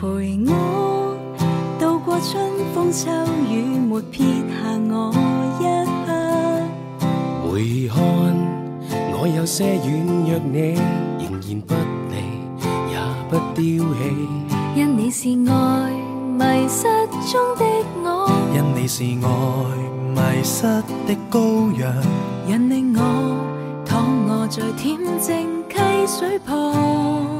陪我渡過春風秋雨，沒撇下我一刻。回看我有些軟弱你，你仍然不離，也不丟棄。因你是愛迷失中的我，因你是愛迷失的羔羊，引領我躺臥在恬靜溪水旁。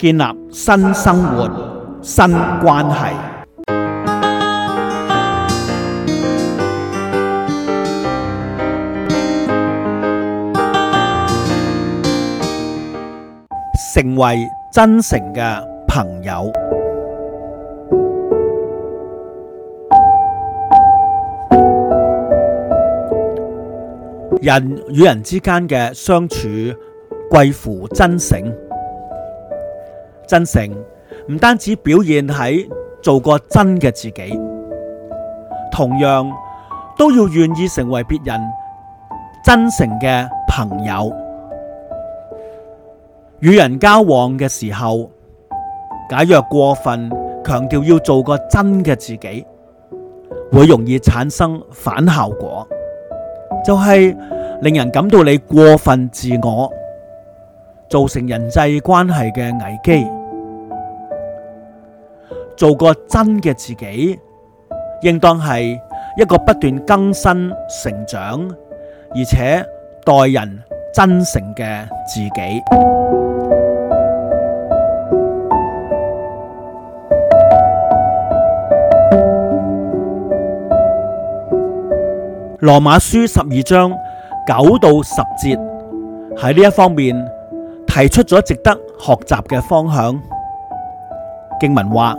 建立新生活、新關係，成為真誠嘅朋友。人與人之間嘅相處，貴乎真誠。真誠唔單止表現喺做個真嘅自己，同樣都要願意成為別人真誠嘅朋友。與人交往嘅時候，假若過分強調要做個真嘅自己，會容易產生反效果，就係令人感到你過分自我，造成人際關係嘅危機。.做個真嘅自己，應當係一個不斷更新、成長，而且待人真誠嘅自己。羅馬書十二章九到十節喺呢一方面提出咗值得學習嘅方向。經文話。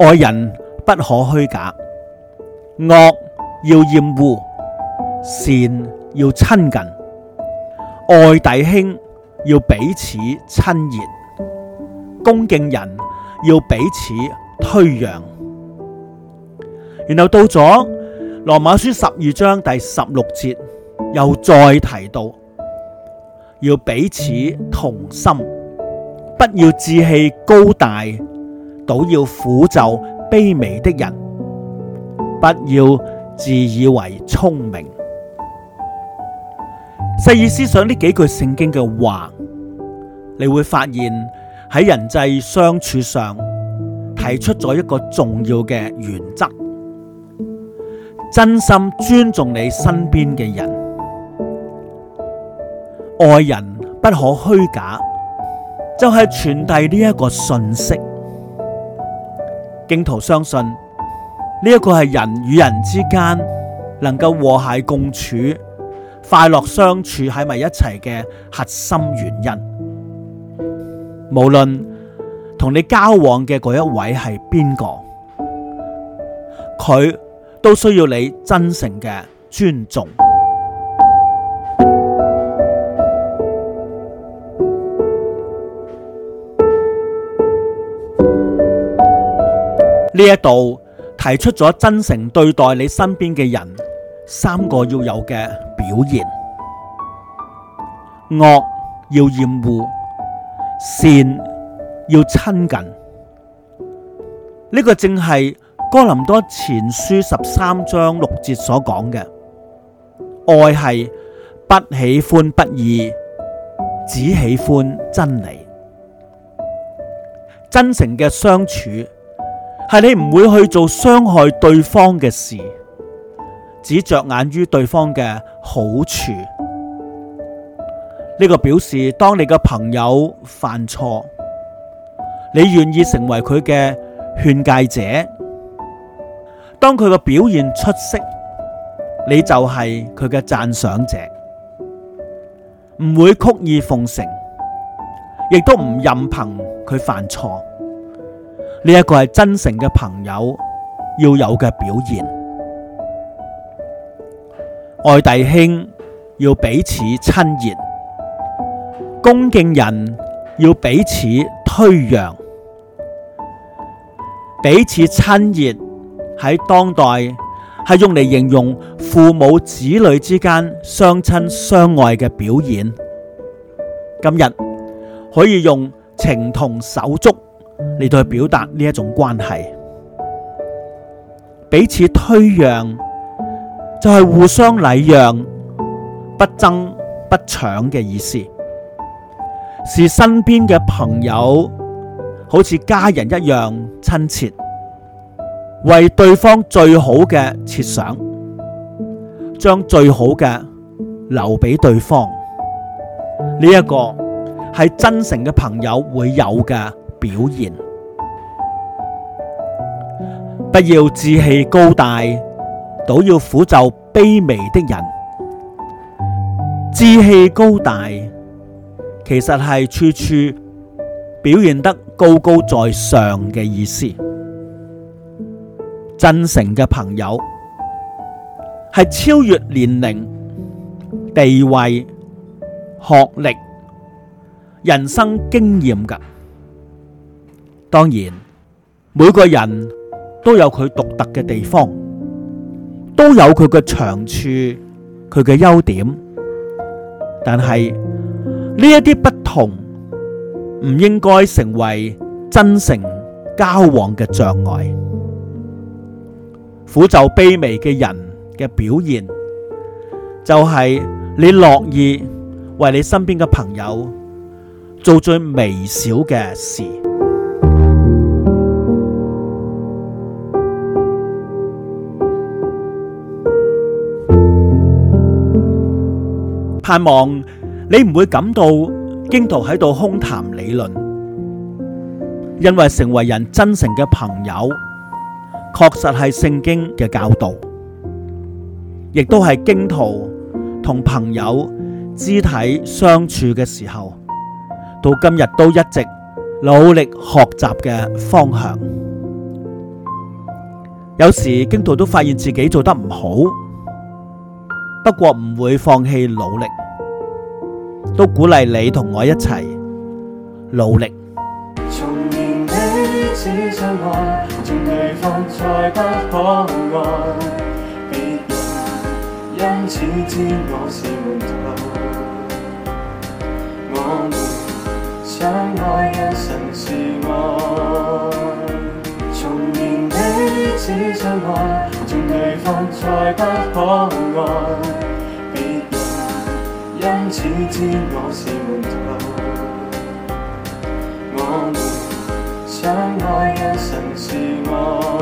愛人不可虛假，惡要厭惡，善要親近，愛弟兄要彼此親熱，恭敬人要彼此推讓。然後到咗羅馬書十二章第十六節，又再提到要彼此同心，不要志氣高大。倒要俯就卑微的人，不要自以為聰明。細意思想呢幾句聖經嘅話，你會發現喺人際相處上提出咗一個重要嘅原則：真心尊重你身邊嘅人，愛人不可虛假，就係、是、傳遞呢一個信息。基督徒相信呢一個係人與人之間能夠和諧共處、快樂相處喺埋一齊嘅核心原因。無論同你交往嘅嗰一位係邊個，佢都需要你真誠嘅尊重。呢一度提出咗真誠對待你身邊嘅人三個要有嘅表現，惡要厭惡，善要親近。呢個正係哥林多前書十三章六節所講嘅，愛係不喜歡不義，只喜歡真理，真誠嘅相處係你唔會去做傷害對方嘅事，只着眼於對方嘅好處。呢個表示當你嘅朋友犯錯，你願意成為佢嘅勸誡者；當佢嘅表現出色，你就係佢嘅讚賞者，唔會曲意奉承，亦都唔任憑佢犯錯。呢一個係真誠嘅朋友要有嘅表現，愛弟兄要彼此親熱，恭敬人要彼此推讓，彼此親熱喺當代係用嚟形容父母子女之間相親相愛嘅表現。今日可以用情同手足。嚟到去表達呢一種關係，彼此推讓就係互相禮讓，不爭不搶嘅意思，是身邊嘅朋友好似家人一樣親切，為對方最好嘅設想，將最好嘅留俾對方，呢一個係真誠嘅朋友會有嘅。表現。不要志氣高大，倒要俯就卑微的人。志氣高大，其實係處處表現得高高在上嘅意思。真誠嘅朋友，係超越年齡、地位、學歷、人生經驗嘅。當然，每個人都有佢獨特嘅地方，都有佢嘅長處，佢嘅優點。但係呢一啲不同唔應該成為真誠交往嘅障礙。苦就卑微嘅人嘅表現，就係你樂意為你身邊嘅朋友做最微小嘅事。盼望你唔會感到荊徒喺度空談理論，因為成為人真誠嘅朋友，確實係聖經嘅教導，亦都係荊徒同朋友肢體相處嘅時候，到今日都一直努力學習嘅方向。有時荊徒都發現自己做得唔好。不過唔會放棄努力，都鼓勵你同我一齊努力。從年彼此相愛，縱對方再不可愛，別人因此知我是門徒。我們相愛因神是愛。